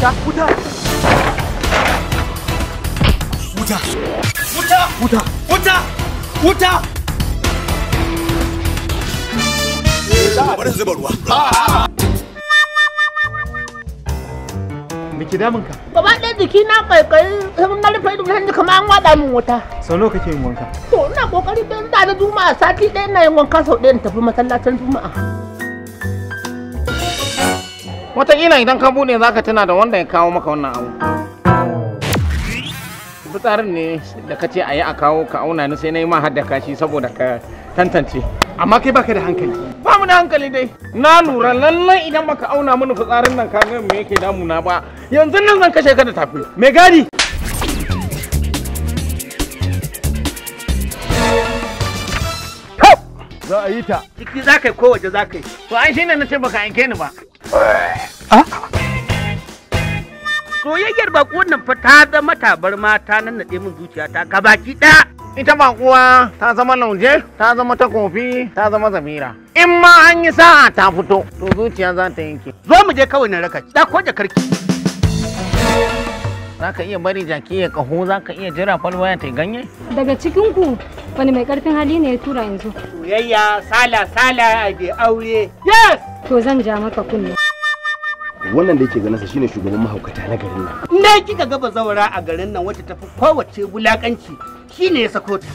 wuta wuta wuta wuta wuta wuta wuta bari zuba ruwa gaba ɗaya jiki na kaikayi na rufe ido hanji kamar an wada min wuta sau nawa kake yin wanka to ina kokari don da na juma'a sati ɗaya na yin wanka sau ɗaya in tafi masallacin juma'a wataƙila idan ka buɗe za ka tuna da wanda ya kawo maka wannan abu fitsarin ne da ka ce a yi a kawo ka auna ni sai na yi ma hadda kashi saboda ka tantance amma kai baka da hankali ba mu da hankali dai na lura lallai idan baka auna mini fitsarin nan ka me yake damuna ba yanzu nan zan kashe ka da tafi me gadi za a yi ta ciki za ka yi ko waje za ka yi to ai shine na ce baka yanke ni ba Soyayyar bako nan fa ta zama tabar mata nan naɗe min zuciyata ka baki ɗaya. Ita kuwa ta zama lauje, ta zama ta kofi, ta zama zamira. In ma an yi sa'a ta fito, to zuciya za ta yanke. Zo mu je kawai na raka da ko da karki. Za ka iya bari jaki ya kaho, za ka iya jira falwaya ta ganye? Daga cikin ku wani mai karfin hali ne ya tura yanzu. Soyayya, sala, sala, a aure. Yes! To zan ja maka kunne. wannan da yake ganin sa shine shugaban mahaukata na garin nan na kika ga bazawara a garin nan wacce tafi kowace bulakanci shine ya sako ta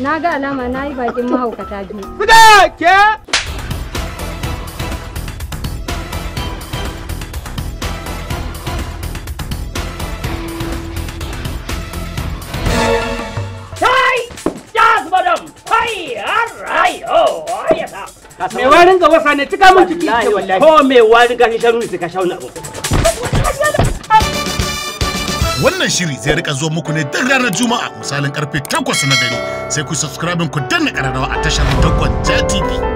na ga alama na yi bakin mahaukata biyu fida ke me warin gaba sa ne cika mun ciki ko me warin gashin shanu ne sai ka shauna wannan shiri zai rika zo muku ne duk ranar juma'a misalin karfe 8 na dare sai ku subscribe ku danna kararrawa a tashar Dogon TV.